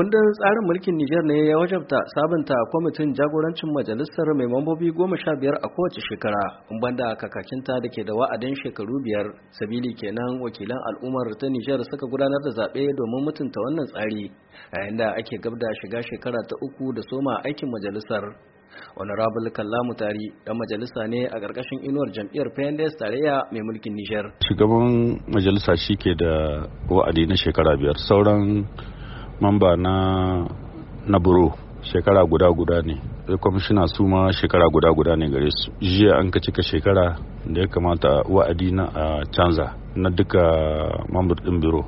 kundin tsarin mulkin Nijar ne ya wajabta sabunta kwamitin jagorancin majalisar mai mambobi goma sha biyar a kowace shekara in banda kakakinta da ke da wa'adin shekaru biyar sabili kenan wakilan al'ummar ta Nijar suka gudanar da zaɓe domin mutunta wannan tsari yayin da ake gab da shiga shekara ta uku da soma aikin majalisar honorable kallamu tari dan majalisa ne a ƙarƙashin inuwar jam'iyyar pendes tarayya mai mulkin nijar shugaban majalisa shi da wa'adi na shekara biyar sauran mamba na na buro shekara guda guda ne sai kwamishina su ma shekara guda guda ne gare su jiya an ka cika shekara da ya kamata wa'adi na a canza na duka mambar din biro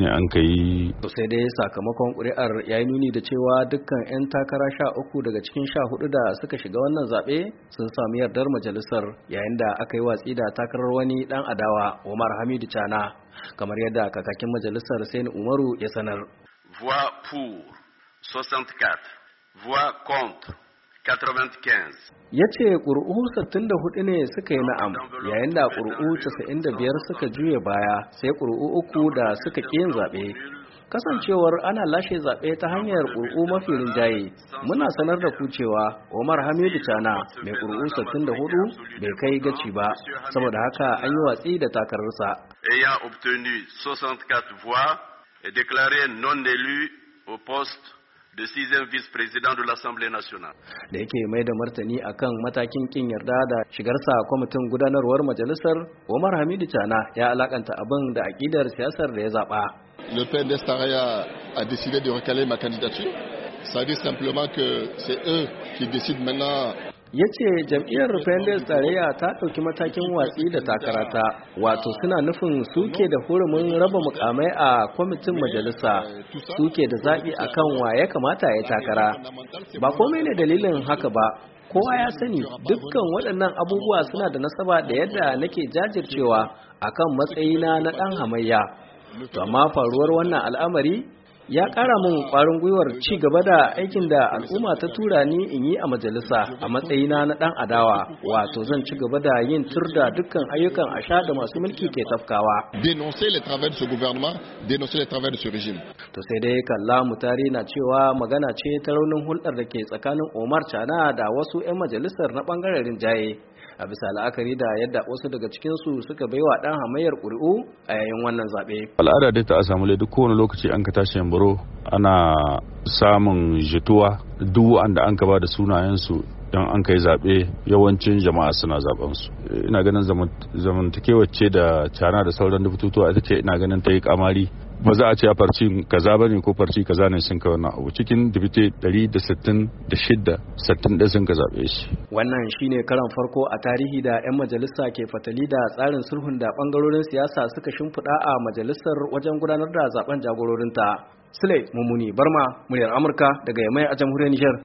ne an ka yi sai dai sakamakon kuri'ar ya yi nuni da cewa dukkan 'yan takara sha uku daga cikin sha hudu da suka shiga wannan zaɓe sun sami yardar majalisar yayin da aka yi watsi da takarar wani dan adawa umar hamidu cana kamar yadda kakakin majalisar sain umaru ya sanar Voix pour 64. Voix contre 95. Ya ce ƙuri'u ne suka yi na'am yayin da ƙuri'u 95 suka juya baya sai ƙuri'u uku da suka ƙi yin zaɓe. Kasancewar ana lashe zaɓe ta hanyar ƙuri'u mafi rinjaye, muna sanar da ku Omar Hamidu Cana mai ƙuri'u 64 bai kai gaci ba, saboda haka an yi watsi da takararsa. Ayant obtenu 64 est déclaré non élu au poste de sixième vice président de l'Assemblée nationale. Le PNDS a décidé de recaler ma candidature. Ça dit simplement que c'est eux qui décident maintenant ya ce jam'iyyar Fendes tarayya ta ɗauki matakin watsi da takarata wato suna nufin suke da hurumin raba mukamai a kwamitin majalisa suke da zaɓi a kan wa ya kamata ya takara ba komai ne dalilin haka ba kowa ya sani dukkan waɗannan abubuwa suna da nasaba da yadda nake jajircewa akan matsayina na ɗan hamayya to amma faruwar wannan al'amari ya ƙara min kwarin gwiwar ci gaba da aikin da al'umma ta tura ni in yi a majalisa a matsayina na ɗan adawa wato zan ci gaba da yin turda da dukkan ayyukan asha da masu mulki ke tafkawa. Dénoncer les travers de ce gouvernement, dénoncer les travers de ce régime. To sai dai kalla mutari na cewa magana ce ta raunin hulɗar da ke tsakanin Omar Chana da wasu 'yan majalisar na ɓangaren rinjaye. a bisa la'akari da yadda wasu daga cikin su suka baiwa dan hamayyar kuri'u a yayin wannan zaɓe. al'ada dai ta asamule duk kowane lokaci an ka tashi yambaro ana samun jituwa duk wanda an ka ba da sunayensu don an kai zaɓe yawancin jama'a suna zaɓen su ina ganin zamantakewar ce da cana da sauran dubututuwa ita ce ina ganin ta yi kamari ba za a ce a farci kaza bane ko farci kaza ne sun ka wannan abu cikin dubite 166 sattin da sun ka zaɓe shi wannan shine karan farko a tarihi da 'yan majalisa ke fatali da tsarin sulhun da bangarorin siyasa suka shimfiɗa a majalisar wajen gudanar da zaben jagororinta sule mumuni barma muryar amurka daga yamai a jamhuriyar nijar